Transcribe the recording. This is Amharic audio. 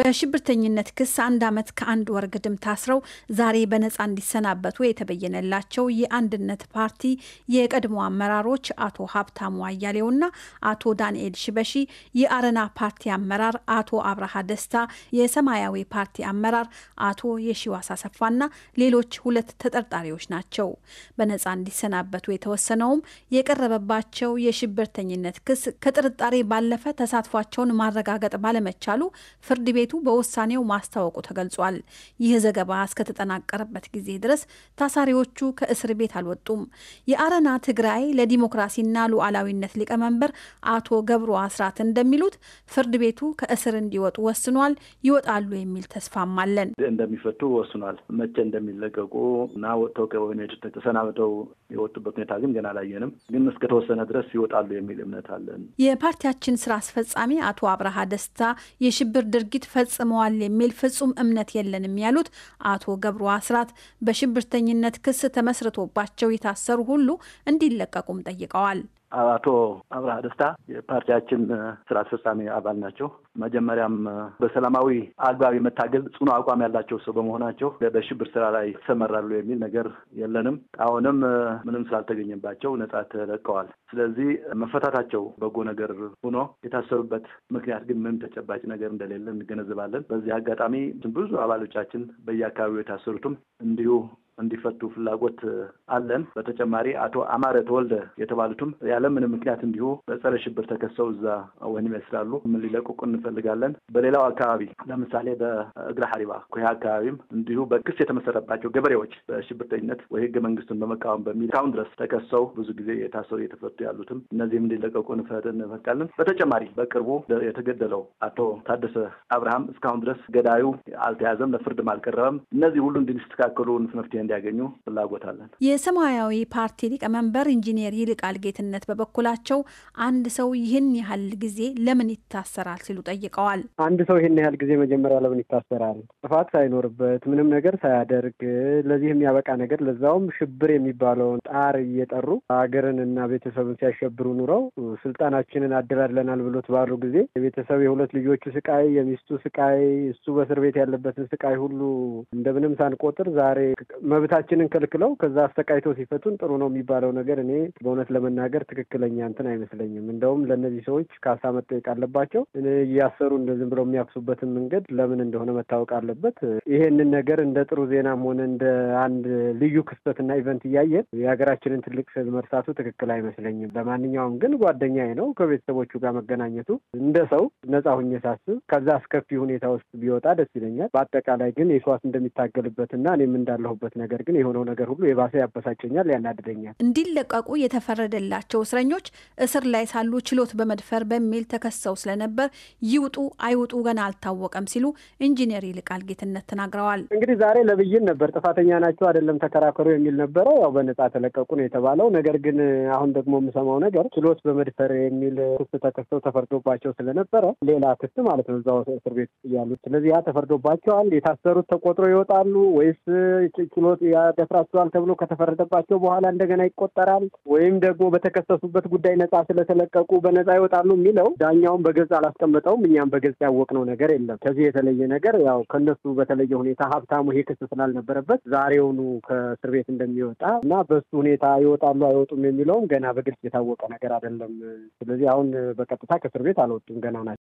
በሽብርተኝነት ክስ አንድ ዓመት ከአንድ ወር ግድም ታስረው ዛሬ በነፃ እንዲሰናበቱ የተበየነላቸው የአንድነት ፓርቲ የቀድሞ አመራሮች አቶ ሀብታሙ አያሌውና አቶ ዳንኤል ሽበሺ፣ የአረና ፓርቲ አመራር አቶ አብርሃ ደስታ፣ የሰማያዊ ፓርቲ አመራር አቶ የሺዋስ አሰፋና ሌሎች ሁለት ተጠርጣሪዎች ናቸው። በነፃ እንዲሰናበቱ የተወሰነውም የቀረበባቸው የሽብርተኝነት ክስ ከጥርጣሬ ባለፈ ተሳትፏቸውን ማረጋገጥ ባለመቻሉ ፍርድ ቤት ቤቱ በውሳኔው ማስታወቁ ተገልጿል። ይህ ዘገባ እስከተጠናቀረበት ጊዜ ድረስ ታሳሪዎቹ ከእስር ቤት አልወጡም። የአረና ትግራይ ለዲሞክራሲና ሉዓላዊነት ሊቀመንበር አቶ ገብሩ አስራት እንደሚሉት ፍርድ ቤቱ ከእስር እንዲወጡ ወስኗል። ይወጣሉ የሚል ተስፋም አለን። እንደሚፈቱ ወስኗል። መቼ እንደሚለቀቁ እና ወጥተው ከወይነ ተሰናብተው የወጡበት ሁኔታ ግን ገና አላየንም። ግን እስከተወሰነ ድረስ ይወጣሉ የሚል እምነት አለን። የፓርቲያችን ስራ አስፈጻሚ አቶ አብርሃ ደስታ የሽብር ድርጊት ፈጽመዋል የሚል ፍጹም እምነት የለንም ያሉት አቶ ገብሩ አስራት በሽብርተኝነት ክስ ተመስርቶባቸው የታሰሩ ሁሉ እንዲለቀቁም ጠይቀዋል። አቶ አብርሃ ደስታ የፓርቲያችን ስራ አስፈጻሚ አባል ናቸው። መጀመሪያም በሰላማዊ አግባብ የመታገል ጽኑ አቋም ያላቸው ሰው በመሆናቸው በሽብር ስራ ላይ ይሰመራሉ የሚል ነገር የለንም። አሁንም ምንም ስላልተገኘባቸው ነጻ ተለቀዋል። ስለዚህ መፈታታቸው በጎ ነገር ሆኖ የታሰሩበት ምክንያት ግን ምንም ተጨባጭ ነገር እንደሌለ እንገነዘባለን። በዚህ አጋጣሚ ብዙ አባሎቻችን በየአካባቢው የታሰሩትም እንዲሁ እንዲፈቱ ፍላጎት አለን። በተጨማሪ አቶ አማረ ተወልደ የተባሉትም ያለምንም ምክንያት እንዲሁ በጸረ ሽብር ተከሰው እዛ ወህኒ ቤት ስላሉ ምን ሊለቁቁ እንፈልጋለን። በሌላው አካባቢ ለምሳሌ በእግረ ሀሪባ ኩያ አካባቢም እንዲሁ በክስ የተመሰረባቸው ገበሬዎች በሽብርተኝነት ወይ ህገ መንግስቱን በመቃወም በሚል እስካሁን ድረስ ተከሰው ብዙ ጊዜ የታሰሩ የተፈቱ ያሉትም እነዚህም እንዲለቀቁ እንፈልጋለን። በተጨማሪ በቅርቡ የተገደለው አቶ ታደሰ አብርሃም እስካሁን ድረስ ገዳዩ አልተያዘም፣ ለፍርድም አልቀረበም። እነዚህ ሁሉ እንዲስተካከሉ መፍትሄ እንዲያገኙ ፍላጎት አለን። የሰማያዊ ፓርቲ ሊቀመንበር ኢንጂኒየር ይልቃል ጌትነት በበኩላቸው አንድ ሰው ይህን ያህል ጊዜ ለምን ይታሰራል ሲሉ ጠይቀዋል። አንድ ሰው ይህን ያህል ጊዜ መጀመሪያ ለምን ይታሰራል? ጥፋት ሳይኖርበት ምንም ነገር ሳያደርግ ለዚህ የሚያበቃ ነገር ለዛውም ሽብር የሚባለውን ጣር እየጠሩ ሀገርን እና ቤተሰብን ሲያሸብሩ ኑረው ስልጣናችንን አደላድለናል ብሎት ባሉ ጊዜ የቤተሰብ የሁለት ልጆቹ ስቃይ፣ የሚስቱ ስቃይ፣ እሱ በእስር ቤት ያለበትን ስቃይ ሁሉ እንደምንም ሳንቆጥር ዛሬ መብታችንን ከልክለው ከዛ አስተቃይተው ሲፈቱን ጥሩ ነው የሚባለው ነገር እኔ በእውነት ለመናገር ትክክለኛ እንትን አይመስለኝም። እንደውም ለእነዚህ ሰዎች ካሳ መጠየቅ አለባቸው። እያሰሩ እንደዝም ብለው የሚያፍሱበትን መንገድ ለምን እንደሆነ መታወቅ አለበት። ይሄንን ነገር እንደ ጥሩ ዜናም ሆነ እንደ አንድ ልዩ ክስተትና ኢቨንት እያየን የሀገራችንን ትልቅ ስል መርሳቱ ትክክል አይመስለኝም። ለማንኛውም ግን ጓደኛዬ ነው። ከቤተሰቦቹ ጋር መገናኘቱ እንደ ሰው ነጻ ሁኜ ሳስብ ከዛ አስከፊ ሁኔታ ውስጥ ቢወጣ ደስ ይለኛል። በአጠቃላይ ግን የሰዋት እንደሚታገልበትና እኔም እንዳለሁበት ነገር ግን የሆነው ነገር ሁሉ የባሰ ያበሳጨኛል፣ ያናድደኛል። እንዲለቀቁ የተፈረደላቸው እስረኞች እስር ላይ ሳሉ ችሎት በመድፈር በሚል ተከሰው ስለነበር ይውጡ አይውጡ ገና አልታወቀም ሲሉ ኢንጂነር ይልቃል ጌትነት ተናግረዋል። እንግዲህ ዛሬ ለብይን ነበር ጥፋተኛ ናቸው አይደለም ተከራከሩ የሚል ነበረ። ያው በነጻ ተለቀቁ ነው የተባለው። ነገር ግን አሁን ደግሞ የምሰማው ነገር ችሎት በመድፈር የሚል ክስ ተከሰው ተፈርዶባቸው ስለነበረ ሌላ ክስ ማለት ነው እዛው እስር ቤት ያሉት። ስለዚህ ያ ተፈርዶባቸዋል። የታሰሩት ተቆጥሮ ይወጣሉ ወይስ ችሎ ያደፍራቸዋል ተብሎ ከተፈረደባቸው በኋላ እንደገና ይቆጠራል ወይም ደግሞ በተከሰሱበት ጉዳይ ነጻ ስለተለቀቁ በነጻ ይወጣሉ የሚለው ዳኛውን በግልጽ አላስቀምጠውም። እኛም በግልጽ ያወቅነው ነገር የለም። ከዚህ የተለየ ነገር ያው ከነሱ በተለየ ሁኔታ ሀብታሙ ይሄ ክስ ስላልነበረበት ዛሬውኑ ከእስር ቤት እንደሚወጣ እና በሱ ሁኔታ ይወጣሉ አይወጡም የሚለውም ገና በግልጽ የታወቀ ነገር አይደለም። ስለዚህ አሁን በቀጥታ ከእስር ቤት አልወጡም ገና ናቸው።